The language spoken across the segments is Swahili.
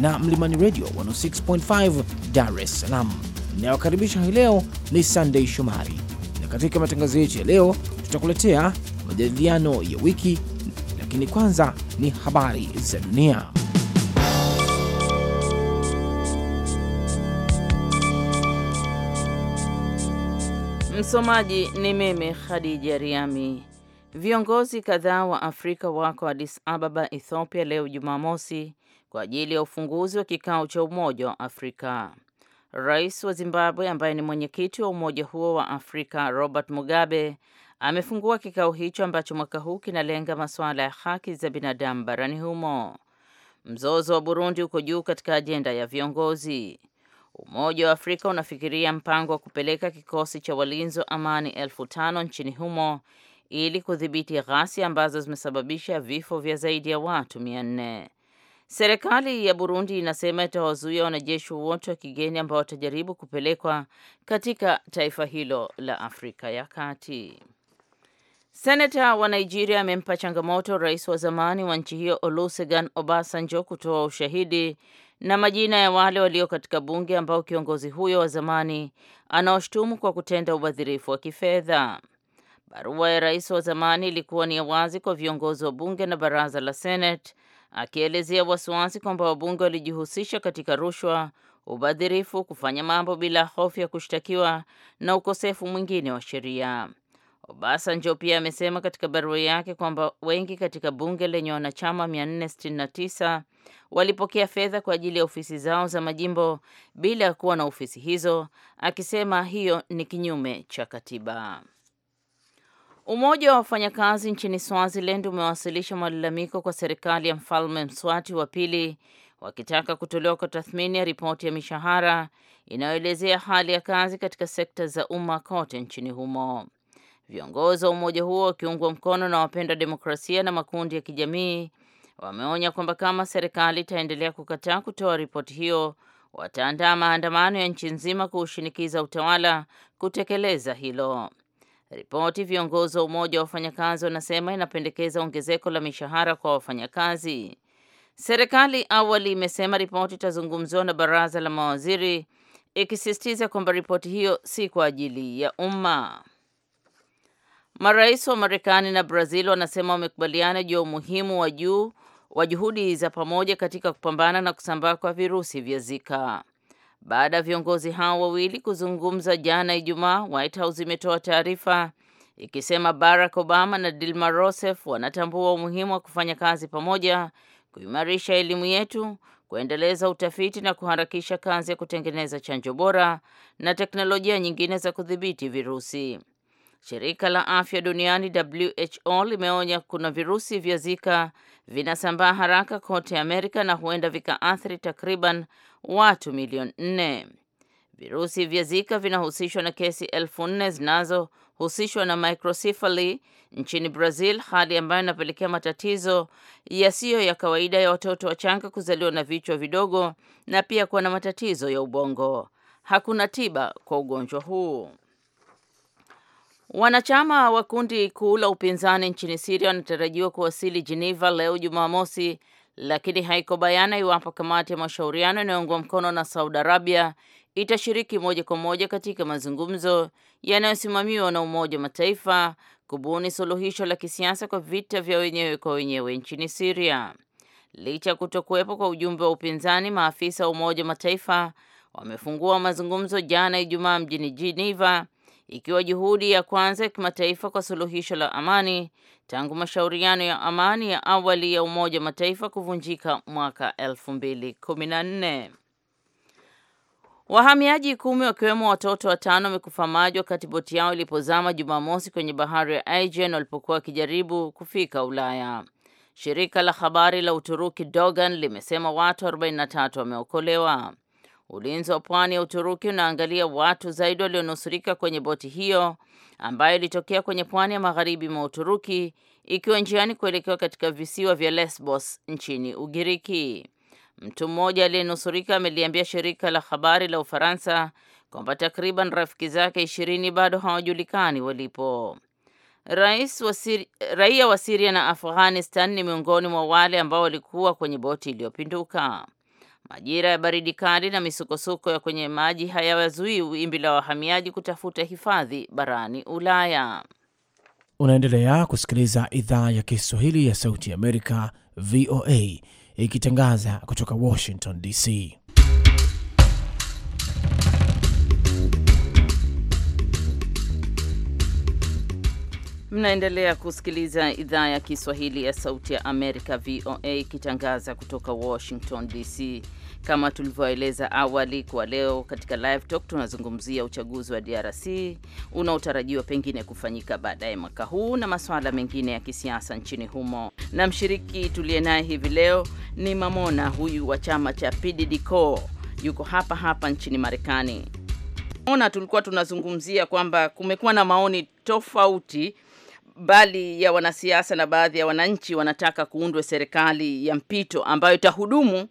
na Mlimani Radio 106.5 Dar es Salaam. Inayokaribisha hii leo ni Sunday Shomari, na katika matangazo yetu ya leo tutakuletea majadiliano ya wiki, lakini kwanza ni habari za dunia. Msomaji ni mimi Khadija Riami. Viongozi kadhaa wa Afrika wako Addis Ababa, Ethiopia leo Jumamosi kwa ajili ya ufunguzi wa kikao cha Umoja wa Afrika. Rais wa Zimbabwe ambaye ni mwenyekiti wa umoja huo wa Afrika Robert Mugabe amefungua kikao hicho ambacho mwaka huu kinalenga masuala ya haki za binadamu barani humo. Mzozo wa Burundi uko juu katika ajenda ya viongozi. Umoja wa Afrika unafikiria mpango wa kupeleka kikosi cha walinzi wa amani elfu tano nchini humo ili kudhibiti ghasia ambazo zimesababisha vifo vya zaidi ya watu mia nne. Serikali ya Burundi inasema itawazuia wanajeshi wote wa kigeni ambao watajaribu kupelekwa katika taifa hilo la Afrika ya Kati. Senata wa Nigeria amempa changamoto rais wa zamani wa nchi hiyo Olusegun Obasanjo kutoa ushahidi na majina ya wale walio katika bunge ambao kiongozi huyo wa zamani anaoshtumu kwa kutenda ubadhirifu wa kifedha. Barua ya rais wa zamani ilikuwa ni ya wazi kwa viongozi wa bunge na baraza la Senate akielezea wasiwasi kwamba wabunge walijihusisha katika rushwa, ubadhirifu, kufanya mambo bila hofu ya kushtakiwa na ukosefu mwingine wa sheria. Obasanjo pia amesema katika barua yake kwamba wengi katika bunge lenye wanachama 469 walipokea fedha kwa ajili ya ofisi zao za majimbo bila ya kuwa na ofisi hizo, akisema hiyo ni kinyume cha katiba. Umoja wa wafanyakazi nchini Swaziland umewasilisha malalamiko kwa serikali ya mfalme Mswati wa pili wakitaka kutolewa kwa tathmini ya ripoti ya mishahara inayoelezea hali ya kazi katika sekta za umma kote nchini humo. Viongozi wa umoja huo wakiungwa mkono na wapenda demokrasia na makundi ya kijamii wameonya kwamba kama serikali itaendelea kukataa kutoa ripoti hiyo, wataandaa maandamano ya nchi nzima kuushinikiza utawala kutekeleza hilo. Ripoti viongozi wa umoja wa wafanyakazi wanasema inapendekeza ongezeko la mishahara kwa wafanyakazi. Serikali awali imesema ripoti itazungumziwa na baraza la mawaziri, ikisisitiza kwamba ripoti hiyo si kwa ajili ya umma. Marais wa Marekani na Brazil wanasema wamekubaliana juu ya umuhimu wa juu wa juhudi za pamoja katika kupambana na kusambaa kwa virusi vya Zika. Baada ya viongozi hao wawili kuzungumza jana Ijumaa, White House imetoa taarifa ikisema Barack Obama na Dilma Rousseff wanatambua umuhimu wa kufanya kazi pamoja kuimarisha elimu yetu, kuendeleza utafiti na kuharakisha kazi ya kutengeneza chanjo bora na teknolojia nyingine za kudhibiti virusi. Shirika la Afya Duniani WHO limeonya kuna virusi vya Zika vinasambaa haraka kote Amerika na huenda vikaathiri takriban watu milioni nne. Virusi vya Zika vinahusishwa na kesi elfu nne zinazohusishwa na microcephaly nchini Brazil, hali ambayo inapelekea matatizo yasiyo ya kawaida ya watoto wachanga kuzaliwa na vichwa vidogo na pia kuwa na matatizo ya ubongo. Hakuna tiba kwa ugonjwa huu. Wanachama wa kundi kuu la upinzani nchini Siria wanatarajiwa kuwasili Geneva leo Jumamosi, lakini haiko bayana iwapo kamati ya mashauriano inayoungwa mkono na Saudi Arabia itashiriki moja kwa moja katika mazungumzo yanayosimamiwa na Umoja wa Mataifa kubuni suluhisho la kisiasa kwa vita vya wenyewe kwa wenyewe nchini Siria. Licha ya kutokuwepo kwa ujumbe wa upinzani, maafisa wa Umoja wa Mataifa wamefungua mazungumzo jana Ijumaa mjini Geneva ikiwa juhudi ya kwanza ya kimataifa kwa suluhisho la amani tangu mashauriano ya amani ya awali ya Umoja wa Mataifa kuvunjika mwaka 2014. Wahamiaji kumi wakiwemo watoto watano wamekufa maji wakati boti yao ilipozama Jumamosi kwenye bahari ya Aegean walipokuwa wakijaribu kufika Ulaya. Shirika la habari la Uturuki Dogan limesema watu 43 wameokolewa. Ulinzi wa pwani ya Uturuki unaangalia watu zaidi walionusurika kwenye boti hiyo ambayo ilitokea kwenye pwani ya magharibi mwa Uturuki ikiwa njiani kuelekea katika visiwa vya Lesbos nchini Ugiriki. Mtu mmoja aliyenusurika ameliambia shirika la habari la Ufaransa kwamba takriban rafiki zake ishirini bado hawajulikani walipo. Rais wa Siri, raia wa Siria na Afghanistan ni miongoni mwa wale ambao walikuwa kwenye boti iliyopinduka. Majira ya baridi kali na misukosuko ya kwenye maji hayawazuii wimbi la wahamiaji kutafuta hifadhi barani Ulaya. Unaendelea kusikiliza idhaa ya Kiswahili ya Sauti ya Amerika, VOA, ikitangaza kutoka Washington DC. Mnaendelea kusikiliza idhaa ya Kiswahili ya Sauti ya Amerika, VOA, ikitangaza kutoka Washington DC. Kama tulivyoeleza awali, kwa leo katika live talk tunazungumzia uchaguzi wa DRC unaotarajiwa pengine kufanyika baadaye mwaka huu na masuala mengine ya kisiasa nchini humo, na mshiriki tuliye naye hivi leo ni Mamona huyu wa chama cha PDDCO, yuko hapa hapa nchini Marekani. Mamona, tulikuwa tunazungumzia kwamba kumekuwa na maoni tofauti bali ya wanasiasa na baadhi ya wananchi wanataka kuundwe serikali ya mpito ambayo itahudumu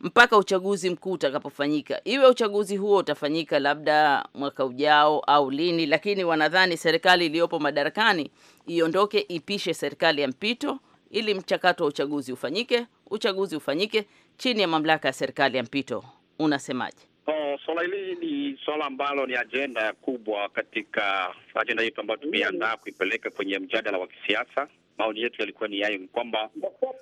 mpaka uchaguzi mkuu utakapofanyika, iwe uchaguzi huo utafanyika labda mwaka ujao au lini, lakini wanadhani serikali iliyopo madarakani iondoke, ipishe serikali ya mpito ili mchakato wa uchaguzi ufanyike, uchaguzi ufanyike chini ya mamlaka ya serikali ya mpito. Unasemaje? Oh, swala hili ni swala ambalo ni ajenda kubwa katika ajenda yetu ambayo tumeandaa kuipeleka kwenye mjadala wa kisiasa maoni yetu yalikuwa ni yayo, ni kwamba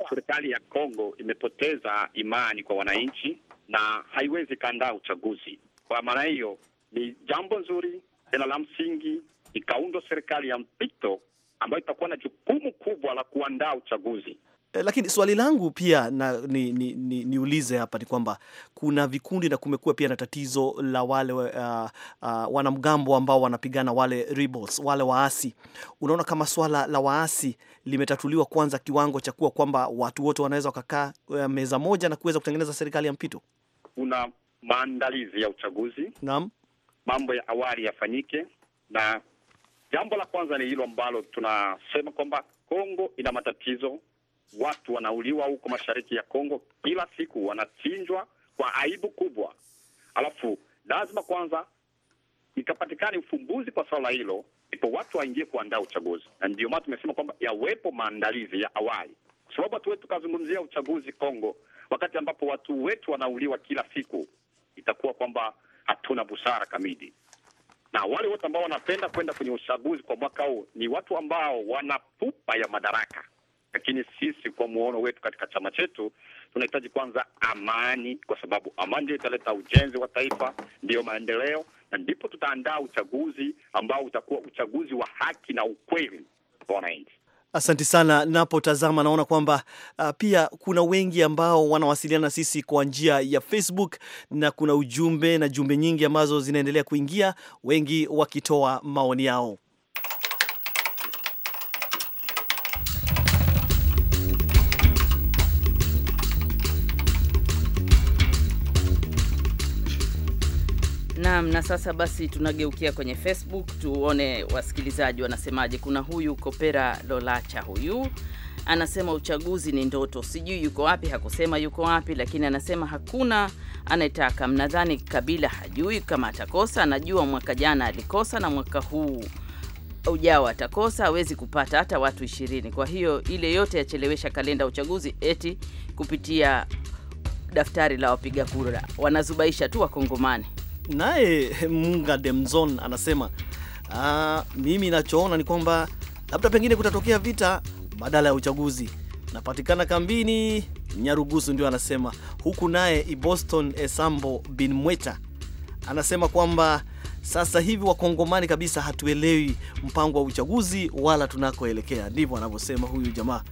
serikali ya Kongo imepoteza imani kwa wananchi na haiwezi ikaandaa uchaguzi. Kwa maana hiyo, ni jambo nzuri tena la msingi ikaundwa serikali ya mpito ambayo itakuwa na jukumu kubwa la kuandaa uchaguzi. Eh, lakini swali langu pia niulize ni, ni, ni, niulize hapa ni kwamba kuna vikundi na kumekuwa pia na tatizo la wale uh, uh, wanamgambo ambao wanapigana wale rebels, wale waasi. Unaona kama swala la waasi limetatuliwa kwanza kiwango cha kuwa kwamba watu wote wanaweza wakakaa eh, meza moja na kuweza kutengeneza serikali ya mpito? Kuna maandalizi ya uchaguzi. Naam, mambo ya awali yafanyike, na jambo la kwanza ni hilo ambalo tunasema kwamba Kongo ina matatizo watu wanauliwa huko mashariki ya Kongo kila siku, wanachinjwa kwa aibu kubwa. Alafu lazima kwanza ikapatikane ufumbuzi kwa swala hilo, ndipo watu waingie kuandaa uchaguzi, na ndio maana tumesema kwamba yawepo maandalizi ya awali, kwa sababu hatuwezi tukazungumzia uchaguzi Kongo wakati ambapo watu wetu wanauliwa kila siku. Itakuwa kwamba hatuna busara kamili, na wale wote ambao wanapenda kwenda kwenye uchaguzi kwa mwaka huu ni watu ambao wana pupa ya madaraka lakini sisi kwa muono wetu katika chama chetu tunahitaji kwanza amani, kwa sababu amani ndio italeta ujenzi wa taifa, ndiyo maendeleo, na ndipo tutaandaa uchaguzi ambao utakuwa uchaguzi wa haki na ukweli kwa wananchi. Asante sana. Napotazama naona kwamba uh, pia kuna wengi ambao wanawasiliana na sisi kwa njia ya Facebook na kuna ujumbe na jumbe nyingi ambazo zinaendelea kuingia, wengi wakitoa maoni yao. Naam, na sasa basi tunageukia kwenye Facebook tuone wasikilizaji wanasemaje. Kuna huyu Kopera Lolacha, huyu anasema uchaguzi ni ndoto, sijui yuko wapi, hakusema yuko wapi, lakini anasema hakuna anayetaka. Mnadhani Kabila hajui kama atakosa? Anajua mwaka jana alikosa na mwaka huu ujao atakosa, hawezi kupata hata watu ishirini. Kwa hiyo ile yote yachelewesha kalenda uchaguzi eti kupitia daftari la wapiga kura, wanazubaisha tu Wakongomani. Naye Munga demzon anasema aa, ah, mimi nachoona ni kwamba labda pengine kutatokea vita badala ya uchaguzi. Napatikana kambini Nyarugusu, ndio anasema huku. Naye Iboston Esambo bin Mweta anasema kwamba sasa hivi wakongomani kabisa hatuelewi mpango wa uchaguzi wala tunakoelekea. Ndivyo anavyosema huyu jamaa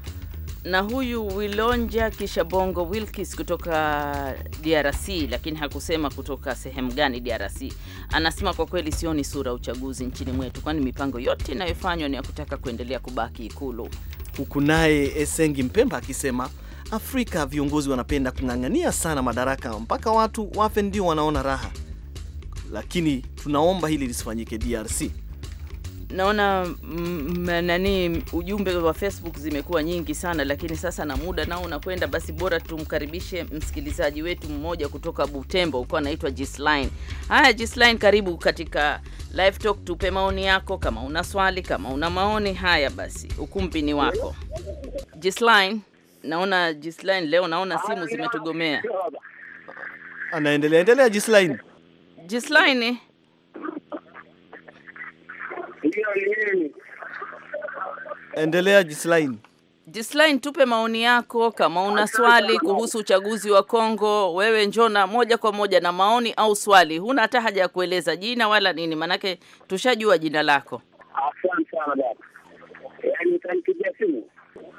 na huyu Wilonja kisha Bongo Wilkis kutoka DRC, lakini hakusema kutoka sehemu gani DRC. Anasema kwa kweli sioni sura uchaguzi nchini mwetu, kwani mipango yote inayofanywa ni ya kutaka kuendelea kubaki Ikulu. Huku naye Esengi Mpemba akisema Afrika viongozi wanapenda kung'ang'ania sana madaraka mpaka watu wafe ndio wanaona raha, lakini tunaomba hili lisifanyike DRC naona mm, nani ujumbe wa Facebook zimekuwa nyingi sana, lakini sasa na muda nao unakwenda, basi bora tumkaribishe msikilizaji wetu mmoja kutoka Butembo, uko anaitwa Gisline. Haya Gisline, karibu katika live talk, tupe maoni yako, kama una swali, kama una maoni. Haya basi, ukumbi ni wako Gisline. Naona Gisline leo, naona simu zimetugomea. Anaendelea endelea Gisline, Gisline Endelea Jislain. Jislain, tupe maoni yako kama una swali kuhusu uchaguzi wa Kongo. Wewe njona moja kwa moja na maoni au swali, huna hata haja ya kueleza jina wala nini, manake tushajua jina lako.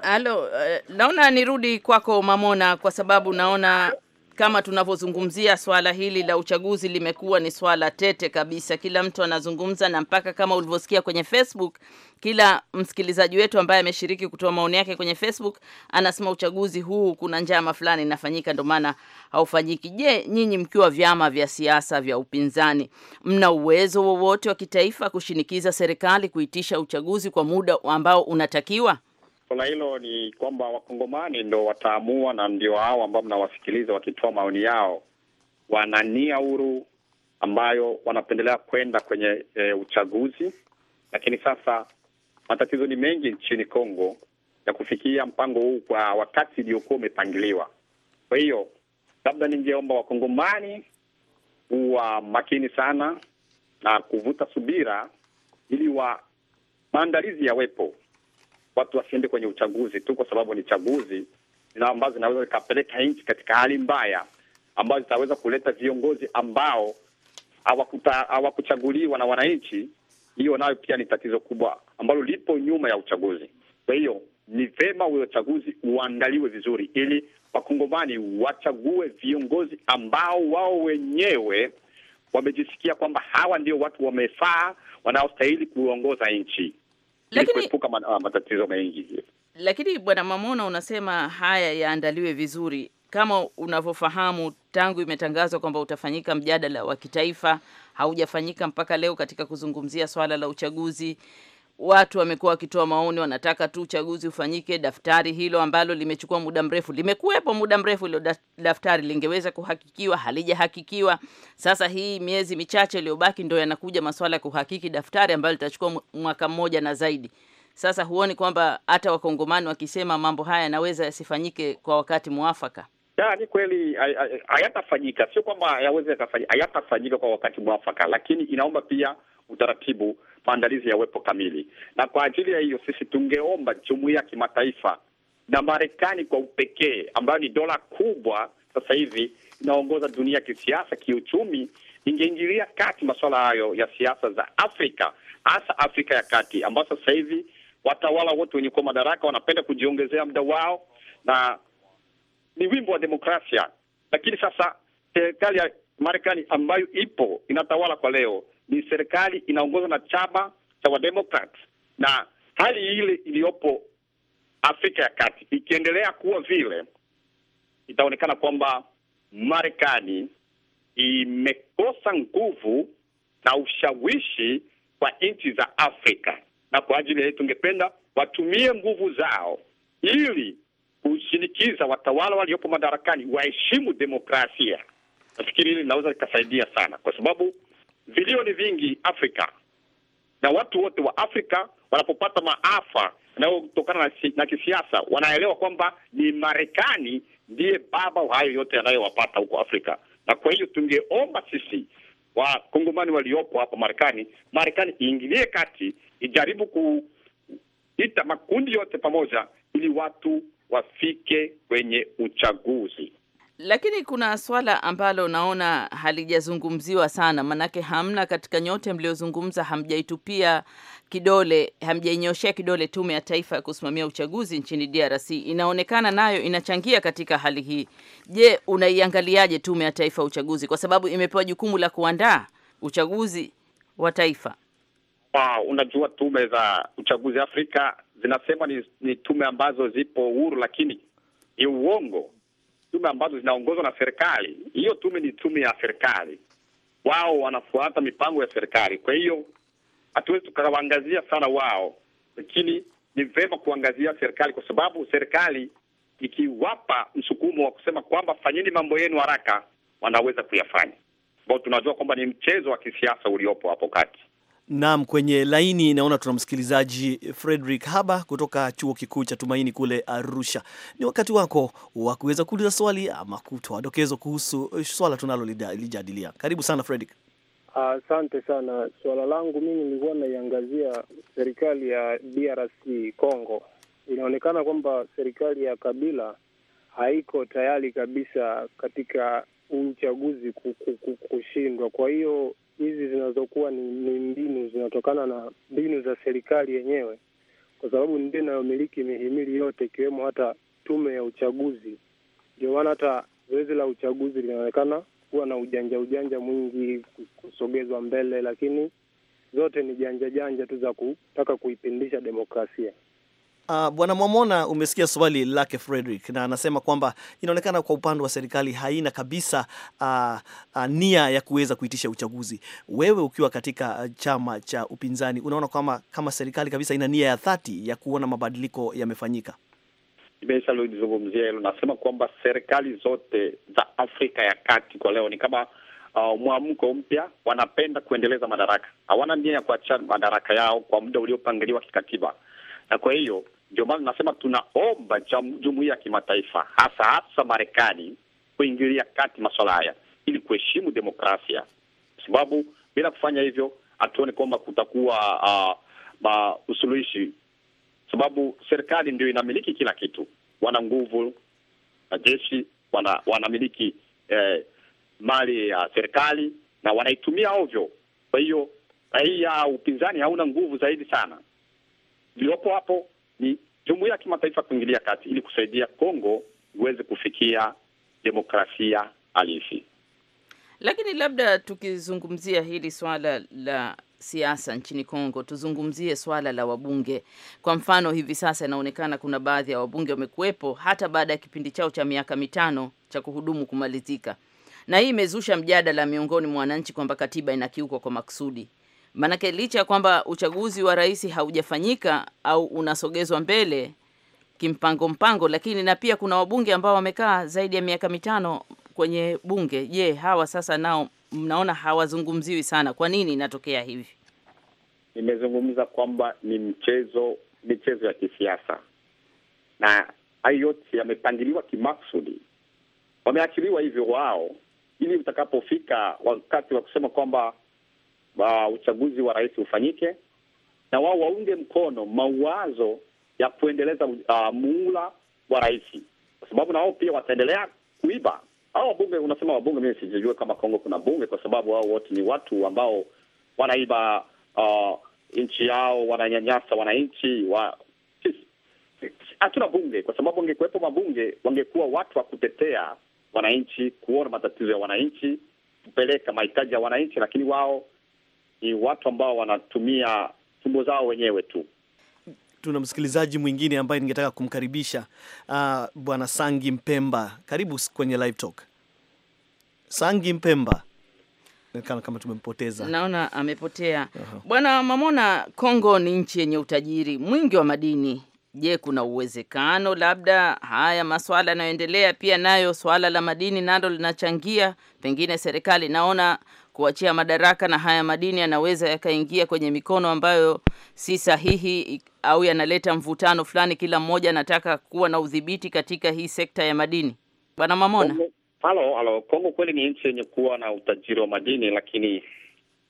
Halo, yaani eh, naona nirudi kwako Mamona, kwa sababu naona kama tunavyozungumzia swala hili la uchaguzi limekuwa ni swala tete kabisa, kila mtu anazungumza, na mpaka kama ulivyosikia kwenye Facebook, kila msikilizaji wetu ambaye ameshiriki kutoa maoni yake kwenye Facebook anasema uchaguzi huu kuna njama fulani inafanyika, ndio maana haufanyiki. Je, nyinyi mkiwa vyama vya siasa vya upinzani, mna uwezo wowote wa kitaifa kushinikiza serikali kuitisha uchaguzi kwa muda ambao unatakiwa? Swala hilo ni kwamba wakongomani ndo wataamua, na ndio hao ambao mnawasikiliza wakitoa maoni yao, wana nia huru ambayo wanapendelea kwenda kwenye e, uchaguzi. Lakini sasa matatizo ni mengi nchini congo ya kufikia mpango huu kwa wakati uliokuwa umepangiliwa. Kwa hiyo labda ningeomba wakongomani kuwa makini sana na kuvuta subira, ili wa maandalizi yawepo watu wasiende kwenye uchaguzi tu kwa sababu ni chaguzi na ambazo zinaweza zikapeleka nchi katika hali mbaya ambazo zitaweza kuleta viongozi ambao hawakuchaguliwa na wananchi. Hiyo nayo pia ni tatizo kubwa ambalo lipo nyuma ya uchaguzi. Kwa hiyo ni vema huyo uchaguzi uandaliwe vizuri, ili wakongomani wachague viongozi ambao wao wenyewe wamejisikia kwamba hawa ndio watu wamefaa wanaostahili kuongoza nchi lakini kuepuka ah, matatizo mengi. Lakini Bwana Mamona, unasema haya yaandaliwe vizuri kama unavyofahamu, tangu imetangazwa kwamba utafanyika mjadala wa kitaifa haujafanyika mpaka leo katika kuzungumzia swala la uchaguzi watu wamekuwa wakitoa maoni, wanataka tu uchaguzi ufanyike. Daftari hilo ambalo limechukua muda mrefu limekuwepo muda mrefu, hilo daftari lingeweza kuhakikiwa, halijahakikiwa. Sasa hii miezi michache iliyobaki ndo yanakuja maswala ya kuhakiki daftari ambalo litachukua mwaka mmoja na zaidi. Sasa huoni kwamba hata wakongomani wakisema mambo haya yanaweza yasifanyike kwa wakati mwafaka? Ya, ni kweli hayatafanyika, sio kwamba yaweza yakafanyika, hayatafanyika kwa wakati mwafaka, lakini inaomba pia utaratibu, maandalizi yawepo kamili. Na kwa ajili ya hiyo, sisi tungeomba jumuiya ya kimataifa na Marekani kwa upekee, ambayo ni dola kubwa sasa hivi inaongoza dunia kisiasa, kiuchumi, ingeingilia kati masuala hayo ya siasa za Afrika, hasa Afrika ya Kati, ambayo sasa hivi watawala wote wenye kuwa madaraka wanapenda kujiongezea muda wao, na ni wimbo wa demokrasia. Lakini sasa serikali ya Marekani ambayo ipo inatawala kwa leo ni serikali inaongozwa na chama cha Wademokrat, na hali ile iliyopo Afrika ya Kati ikiendelea kuwa vile, itaonekana kwamba Marekani imekosa nguvu na ushawishi kwa nchi za Afrika, na kwa ajili ya hii tungependa watumie nguvu zao ili kushinikiza watawala waliopo madarakani waheshimu demokrasia. Nafikiri hili linaweza likasaidia sana, kwa sababu vilio ni vingi Afrika na watu wote wa Afrika wanapopata maafa yanayotokana na, na kisiasa wanaelewa kwamba ni Marekani ndiye baba wa hayo yote yanayowapata huko Afrika. Na kwa hiyo tungeomba sisi wakongomani waliopo hapa Marekani, Marekani iingilie kati, ijaribu kuita makundi yote pamoja, ili watu wafike kwenye uchaguzi. Lakini kuna swala ambalo naona halijazungumziwa sana, manake hamna katika nyote mliozungumza, hamjaitupia kidole, hamjainyoshea kidole Tume ya Taifa ya Kusimamia Uchaguzi nchini DRC. Inaonekana nayo inachangia katika hali hii. Je, unaiangaliaje Tume ya Taifa ya Uchaguzi kwa sababu imepewa jukumu la kuandaa uchaguzi wa taifa? Wow, unajua tume za uchaguzi Afrika zinasema ni, ni tume ambazo zipo huru, lakini ni uongo tume ambazo zinaongozwa na serikali. Hiyo tume ni tume ya serikali, wao wanafuata mipango ya serikali. Kwa hiyo hatuwezi tukawaangazia sana wao, lakini ni vema kuangazia serikali, kwa sababu serikali ikiwapa msukumo wa kusema kwamba fanyeni mambo yenu haraka, wanaweza kuyafanya, ambao tunajua kwamba ni mchezo wa kisiasa uliopo hapo kati. Naam, kwenye laini naona tuna msikilizaji Frederick Haba kutoka chuo kikuu cha Tumaini kule Arusha. Ni wakati wako wa kuweza kuuliza swali ama kutoa dokezo kuhusu eh, swala tunalolijadilia. Karibu sana Frederick. Asante uh, sana. Swala langu mimi nilikuwa naiangazia serikali ya DRC Congo. Inaonekana kwamba serikali ya Kabila haiko tayari kabisa katika uchaguzi kushindwa. Kwa hiyo hizi zinazokuwa ni, ni mbinu zinatokana na mbinu za serikali yenyewe, kwa sababu ndio inayomiliki mihimili yote ikiwemo hata tume ya uchaguzi. Ndio maana hata zoezi la uchaguzi linaonekana kuwa na ujanja ujanja mwingi, kusogezwa mbele, lakini zote ni janja janja tu za kutaka kuipindisha demokrasia. Uh, Bwana Mwamona, umesikia swali lake Frederick, na anasema kwamba inaonekana kwa upande wa serikali haina kabisa uh, uh, nia ya kuweza kuitisha uchaguzi. Wewe ukiwa katika chama cha upinzani unaona kwamba kama serikali kabisa ina nia ya dhati ya kuona mabadiliko yamefanyika? Imesalozungumzia hilo, nasema kwamba serikali zote za Afrika ya Kati kwa leo ni kama Uh, mwamko mpya, wanapenda kuendeleza madaraka, hawana nia ya kuacha madaraka yao kwa muda uliopangiliwa kikatiba na kwa hiyo ndio maana nasema tunaomba jumuia ya kimataifa hasa hasa Marekani kuingilia kati masuala haya ili kuheshimu demokrasia, kwa sababu bila kufanya hivyo hatuoni kwamba kutakuwa uh, usuluhishi, sababu serikali ndio inamiliki kila kitu, wana nguvu na jeshi, wana wanamiliki eh, mali ya uh, serikali na wanaitumia ovyo. Kwa hiyo raia, upinzani hauna nguvu zaidi sana iliyopo hapo ni jumuiya ya kimataifa kuingilia kati ili kusaidia Kongo iweze kufikia demokrasia halisi. Lakini labda tukizungumzia hili swala la siasa nchini Kongo, tuzungumzie swala la wabunge. Kwa mfano, hivi sasa inaonekana kuna baadhi ya wabunge wamekuwepo hata baada ya kipindi chao cha miaka mitano cha kuhudumu kumalizika, na hii imezusha mjadala miongoni mwa wananchi kwamba katiba inakiukwa kwa makusudi. Maanake licha ya kwamba uchaguzi wa rais haujafanyika au unasogezwa mbele kimpango mpango, lakini na pia kuna wabunge ambao wamekaa zaidi ya miaka mitano kwenye bunge. Je, hawa sasa nao mnaona hawazungumziwi sana? Kwa nini inatokea hivi? Nimezungumza kwamba ni mchezo, michezo ya kisiasa na hayo yote yamepangiliwa kimaksudi, wameachiliwa hivyo wao, ili utakapofika wakati wa kusema kwamba uh, uchaguzi wa rais ufanyike na wao waunge mkono mawazo ya kuendeleza uh, muula wa rais, kwa sababu na wao pia wataendelea kuiba. au wabunge, unasema wabunge, mimi sijijue kama Kongo kuna bunge, kwa sababu wao wote ni watu ambao wanaiba uh, nchi yao, wananyanyasa wananchi wa hatuna bunge kwa sababu wangekuwepo mabunge wangekuwa watu wa kutetea wananchi, kuona matatizo ya wananchi, kupeleka mahitaji ya wananchi, lakini wao ni watu ambao wanatumia tumbo zao wenyewe tu. Tuna msikilizaji mwingine ambaye ningetaka kumkaribisha uh, bwana Sangi Mpemba, karibu kwenye live talk. Sangi Mpemba kama, kama tumempoteza, naona amepotea. uh-huh. Bwana Mamona, Kongo ni nchi yenye utajiri mwingi wa madini. Je, kuna uwezekano labda haya maswala yanayoendelea pia nayo swala la madini nalo linachangia? Pengine serikali naona kuachia madaraka, na haya madini yanaweza yakaingia kwenye mikono ambayo si sahihi au yanaleta mvutano fulani. Kila mmoja anataka kuwa na udhibiti katika hii sekta ya madini. Bwana Mamona, halo halo. Kongo kweli ni nchi yenye kuwa na utajiri wa madini, lakini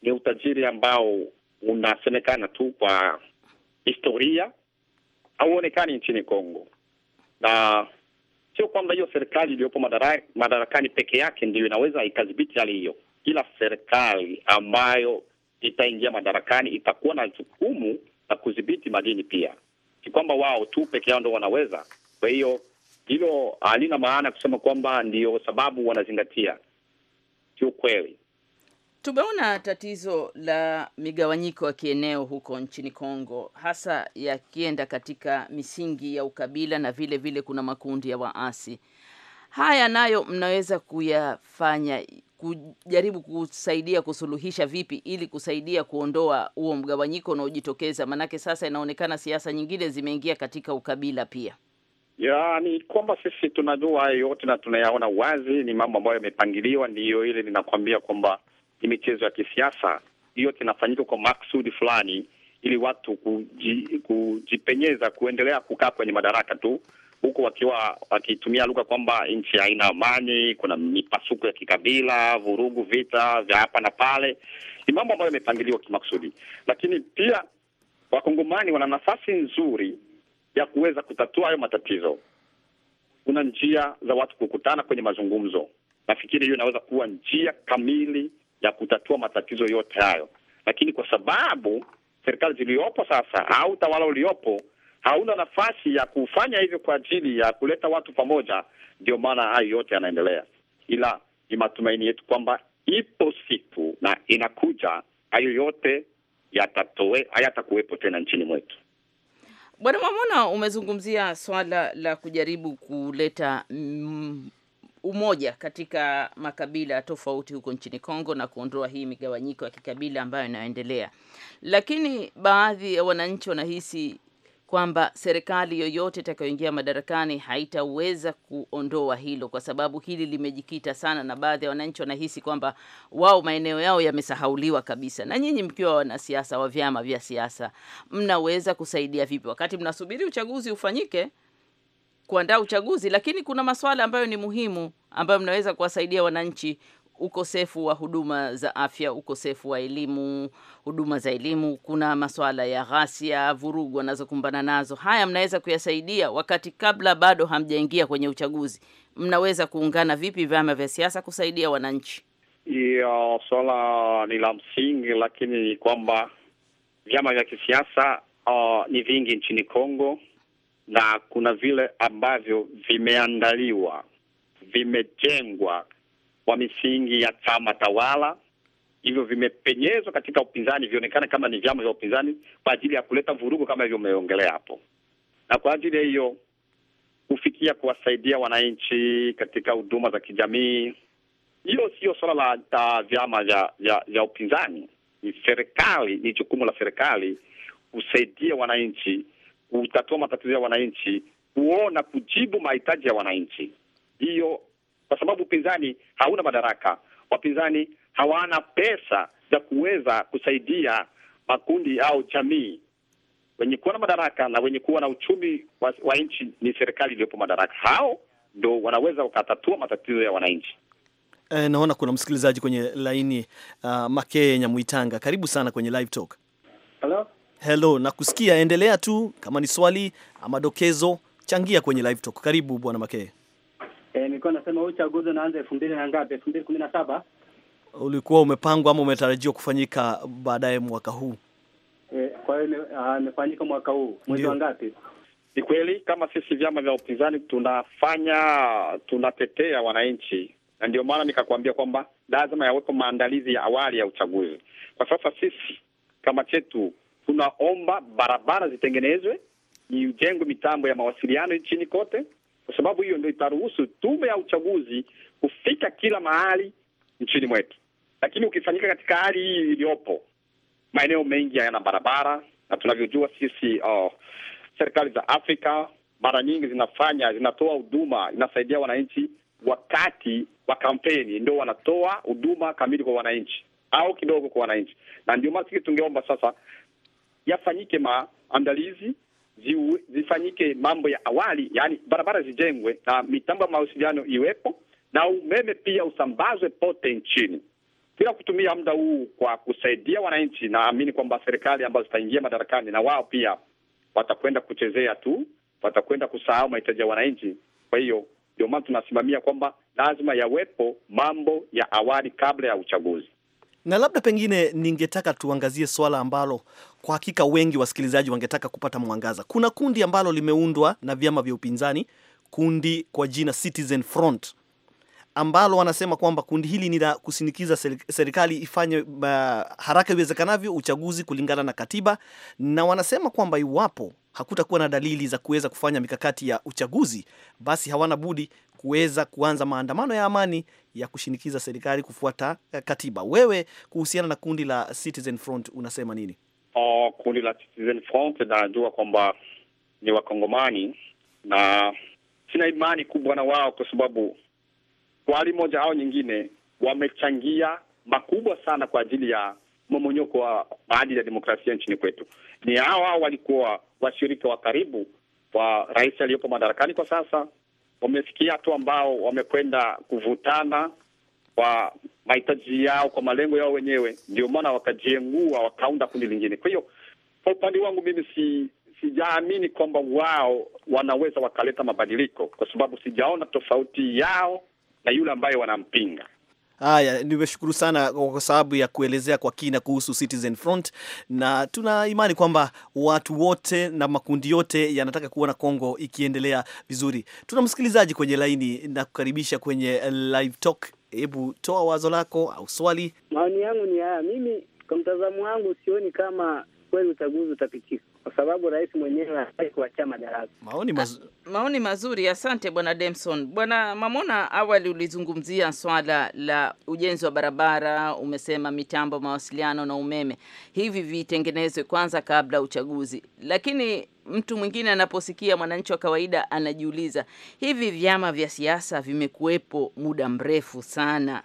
ni utajiri ambao unasemekana tu kwa historia, hauonekani nchini Kongo na sio kwamba hiyo serikali iliyopo madarakani peke yake ndio inaweza ikadhibiti hali hiyo kila serikali ambayo itaingia madarakani itakuwa na jukumu la kudhibiti madini pia. Si kwamba wao tu peke yao ndo wanaweza. Kwa hiyo hilo halina maana kusema kwamba ndio sababu wanazingatia, sio kweli. Tumeona tatizo la migawanyiko ya kieneo huko nchini Kongo, hasa yakienda katika misingi ya ukabila na vile vile kuna makundi ya waasi. Haya nayo mnaweza kuyafanya kujaribu kusaidia kusuluhisha vipi ili kusaidia kuondoa huo mgawanyiko unaojitokeza? Maanake sasa inaonekana siasa nyingine zimeingia katika ukabila pia. Ya, ni kwamba sisi tunajua hayo yote na tunayaona wazi, ni mambo ambayo yamepangiliwa. Ndiyo ile ninakwambia kwamba ni michezo ya kisiasa, yote inafanyika kwa maksudi fulani, ili watu kuji, kujipenyeza kuendelea kukaa kwenye madaraka tu huku wakiwa wakitumia lugha kwamba nchi haina amani, kuna mipasuko ya kikabila, vurugu, vita vya hapa na pale. Ni mambo ambayo yamepangiliwa kimakusudi, lakini pia wakongomani wana nafasi nzuri ya kuweza kutatua hayo matatizo. Kuna njia za watu kukutana kwenye mazungumzo. Nafikiri hiyo inaweza kuwa njia kamili ya kutatua matatizo yote hayo, lakini kwa sababu serikali ziliyopo sasa au utawala uliopo hauna nafasi ya kufanya hivyo kwa ajili ya kuleta watu pamoja. Ndio maana hayo yote yanaendelea, ila ni matumaini yetu kwamba ipo siku na inakuja, hayo yote yatatoe hayatakuwepo tena nchini mwetu. Bwana Mwamona, umezungumzia swala la kujaribu kuleta mm, umoja katika makabila tofauti huko nchini Kongo na kuondoa hii migawanyiko ya kikabila ambayo inaendelea, lakini baadhi ya wananchi wanahisi kwamba serikali yoyote itakayoingia madarakani haitaweza kuondoa hilo, kwa sababu hili limejikita sana, na baadhi ya wananchi wanahisi kwamba wao maeneo yao yamesahauliwa kabisa. Na nyinyi mkiwa wanasiasa wa vyama vya siasa, mnaweza kusaidia vipi wakati mnasubiri uchaguzi ufanyike, kuandaa uchaguzi? Lakini kuna masuala ambayo ni muhimu ambayo mnaweza kuwasaidia wananchi ukosefu wa huduma za afya, ukosefu wa elimu, huduma za elimu, kuna masuala ya ghasia, vurugu wanazokumbana nazo. Haya mnaweza kuyasaidia wakati kabla bado hamjaingia kwenye uchaguzi. Mnaweza kuungana vipi vyama vya siasa kusaidia wananchi? Hiyo swala ni la msingi, lakini ni kwamba vyama vya kisiasa uh, ni vingi nchini Kongo na kuna vile ambavyo vimeandaliwa, vimejengwa wa misingi ya chama tawala. Hivyo vimepenyezwa katika upinzani, vionekana kama ni vyama vya upinzani kwa ajili ya kuleta vurugu kama hivyo umeongelea hapo, na kwa ajili ya hiyo kufikia kuwasaidia wananchi katika huduma za kijamii. Hiyo sio swala la vyama vya upinzani, ni serikali, ni jukumu la serikali kusaidia wananchi, kutatua matatizo ya wananchi, kuona, kujibu mahitaji ya wananchi. Hiyo kwa sababu upinzani hauna madaraka, wapinzani hawana pesa za kuweza kusaidia makundi au jamii. Wenye kuwa na madaraka na wenye kuwa na uchumi wa, wa nchi ni serikali iliyopo madaraka, hao ndo wanaweza wakatatua matatizo ya wananchi. E, naona kuna msikilizaji kwenye laini uh, ah, Makee Nyamwitanga, karibu sana kwenye live talk. Hello? Hello, nakusikia, endelea tu, kama ni swali ama dokezo, changia kwenye live talk. Karibu bwana Makee. Eh, nilikuwa nasema huu uchaguzi unaanza elfu mbili na ngapi, elfu mbili kumi na saba ulikuwa umepangwa ama umetarajiwa kufanyika baadaye mwaka huu? E, kwa hiyo ah, imefanyika mwaka huu mwezi wa ngapi? Ni kweli kama sisi vyama vya upinzani tunafanya tunatetea wananchi, na ndio maana nikakwambia kwamba lazima yawepo maandalizi ya awali ya uchaguzi. Kwa sasa sisi kama chetu tunaomba barabara zitengenezwe, ijengwe mitambo ya mawasiliano nchini kote, kwa sababu hiyo ndio itaruhusu tume ya uchaguzi kufika kila mahali nchini mwetu. Lakini ukifanyika katika hali hii iliyopo, maeneo mengi hayana barabara, na tunavyojua sisi oh, serikali za Afrika mara nyingi zinafanya zinatoa huduma inasaidia wananchi wakati wa kampeni, ndio wanatoa huduma kamili kwa wananchi au kidogo kwa wananchi, na ndio maana tungeomba sasa yafanyike maandalizi zifanyike mambo ya awali, yani barabara zijengwe na mitambo ya mawasiliano iwepo na umeme pia usambazwe pote nchini. Bila kutumia muda huu kwa kusaidia wananchi, naamini kwamba serikali ambazo zitaingia madarakani na wao pia watakwenda kuchezea tu, watakwenda kusahau mahitaji ya wananchi. Kwa hiyo ndio maana tunasimamia kwamba lazima yawepo mambo ya awali kabla ya uchaguzi na labda pengine ningetaka tuangazie swala ambalo kwa hakika wengi wasikilizaji wangetaka kupata mwangaza. Kuna kundi ambalo limeundwa na vyama vya upinzani, kundi kwa jina Citizen Front ambalo wanasema kwamba kundi hili ni la kusinikiza serikali ifanye uh, haraka iwezekanavyo uchaguzi kulingana na katiba, na wanasema kwamba iwapo hakutakuwa na dalili za kuweza kufanya mikakati ya uchaguzi, basi hawana budi kuweza kuanza maandamano ya amani ya kushinikiza serikali kufuata uh, katiba. Wewe kuhusiana na kundi la Citizen Front unasema nini? Oh, kundi la Citizen Front najua kwamba ni Wakongomani na sina imani kubwa na wao kwa sababu kwa hali moja au nyingine wamechangia makubwa sana kwa ajili ya momonyoko wa maadili ya demokrasia nchini kwetu. Ni hawa walikuwa washirika wa karibu wa rais aliyopo madarakani kwa sasa, wamefikia hatua ambao wamekwenda kuvutana kwa mahitaji yao, kwa malengo yao wenyewe, ndio maana wakajiengua, wakaunda kundi lingine. Kwa hiyo kwa upande wangu mimi si sijaamini kwamba wao wanaweza wakaleta mabadiliko, kwa sababu sijaona tofauti yao na yule ambaye wanampinga. Haya, nimeshukuru sana kwa sababu ya kuelezea kwa kina kuhusu Citizen Front, na tuna imani kwamba watu wote na makundi yote yanataka kuona Kongo ikiendelea vizuri. Tuna msikilizaji kwenye laini na kukaribisha kwenye live talk. Hebu toa wazo lako au swali. Maoni yangu ni haya, mimi kwa mtazamo wangu sioni kama kweli uchaguzi utapitika kwa sababu rais mwenyewe hataki kuachia madaraka. Maoni, mazu... Ah, maoni mazuri, asante bwana Demson. Bwana Mamona, awali ulizungumzia swala la ujenzi wa barabara, umesema mitambo, mawasiliano na umeme, hivi vitengenezwe kwanza kabla uchaguzi. Lakini mtu mwingine anaposikia, mwananchi wa kawaida anajiuliza, hivi vyama vya siasa vimekuwepo muda mrefu sana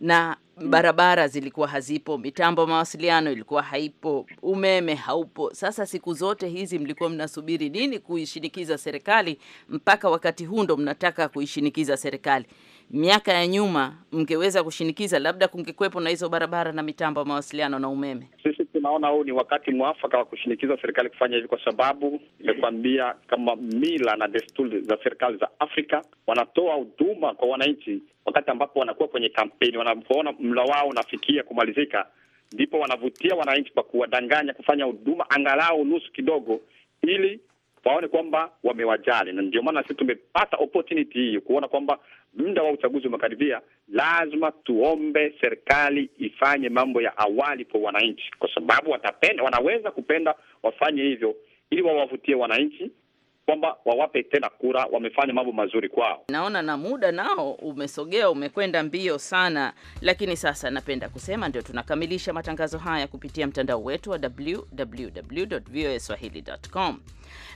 na barabara zilikuwa hazipo, mitambo mawasiliano ilikuwa haipo, umeme haupo. Sasa siku zote hizi mlikuwa mnasubiri nini kuishinikiza serikali? Mpaka wakati huu ndo mnataka kuishinikiza serikali miaka ya nyuma mngeweza kushinikiza, labda kungekuwepo na hizo barabara na mitambo ya mawasiliano na umeme? Sisi tunaona huu ni wakati mwafaka wa kushinikiza serikali kufanya hivi, kwa sababu nimekuambia, kama mila na desturi za serikali za Afrika, wanatoa huduma kwa wananchi wakati ambapo wanakuwa kwenye kampeni. Wanapoona mla wao unafikia kumalizika, ndipo wanavutia wananchi kwa kuwadanganya kufanya huduma angalau nusu kidogo, ili waone kwamba wamewajali, na ndio maana sisi tumepata opportunity hii kuona kwamba muda wa uchaguzi umekaribia, lazima tuombe serikali ifanye mambo ya awali kwa wananchi, kwa sababu watapenda, wanaweza kupenda wafanye hivyo ili wawavutie wananchi kwamba wawape tena kura, wamefanya mambo mazuri kwao. Naona na muda nao umesogea, umekwenda mbio sana, lakini sasa napenda kusema ndio tunakamilisha matangazo haya kupitia mtandao wetu wa www.voaswahili.com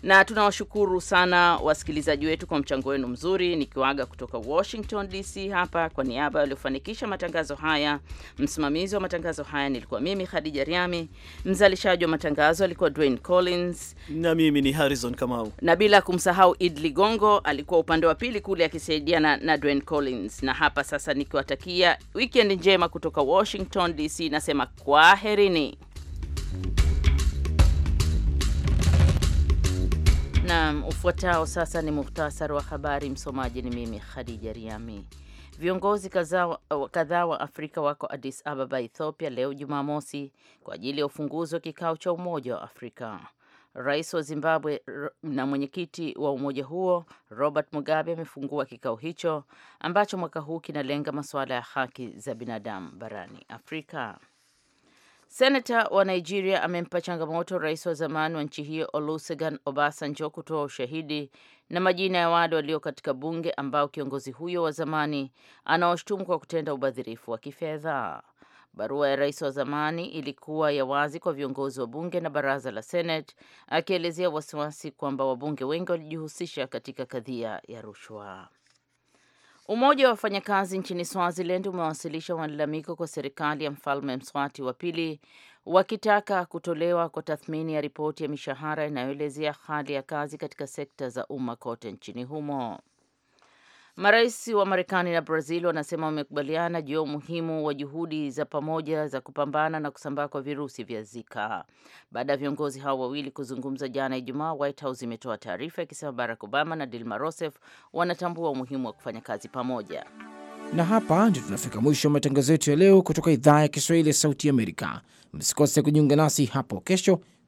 na tunawashukuru sana wasikilizaji wetu kwa mchango wenu mzuri. Nikiwaga kutoka Washington DC hapa, kwa niaba waliofanikisha matangazo haya, msimamizi wa matangazo haya nilikuwa mimi Khadija Riami, mzalishaji wa matangazo alikuwa Dwayne Collins na mimi ni Harrison Kamau, na bila kumsahau Id Ligongo alikuwa upande wa pili kule akisaidiana na Dwayne Collins. Na hapa sasa nikiwatakia wikendi njema kutoka Washington DC, nasema kwaherini. Naam, ufuatao sasa ni muhtasari wa habari. Msomaji ni mimi Khadija Riami. Viongozi kadhaa wa Afrika wako Addis Ababa, Ethiopia leo Jumamosi kwa ajili ya ufunguzi wa kikao cha Umoja wa Afrika. Rais wa Zimbabwe na mwenyekiti wa umoja huo Robert Mugabe amefungua kikao hicho ambacho mwaka huu kinalenga masuala ya haki za binadamu barani Afrika. Senata wa Nigeria amempa changamoto rais wa zamani wa nchi hiyo Olusegun Obasanjo kutoa ushahidi na majina ya wale walio katika bunge ambao kiongozi huyo wa zamani anaoshtumu kwa kutenda ubadhirifu wa kifedha. Barua ya rais wa zamani ilikuwa ya wazi kwa viongozi wa bunge na baraza la Senate, akielezea wasiwasi kwamba wabunge wengi walijihusisha katika kadhia ya rushwa. Umoja wa wafanyakazi nchini Swaziland umewasilisha malalamiko kwa serikali ya mfalme Mswati wa pili wakitaka kutolewa kwa tathmini ya ripoti ya mishahara inayoelezea hali ya kazi katika sekta za umma kote nchini humo. Marais wa Marekani na Brazil wanasema wamekubaliana juu ya umuhimu wa juhudi za pamoja za kupambana na kusambaa kwa virusi vya Zika. Baada ya viongozi hao wawili kuzungumza jana Ijumaa, White House imetoa taarifa ikisema Barack Obama na Dilma Rousseff wanatambua umuhimu wa kufanya kazi pamoja. Na hapa ndio tunafika mwisho wa matangazo yetu ya leo kutoka idhaa ya Kiswahili ya Sauti Amerika. Msikose kujiunga nasi hapo kesho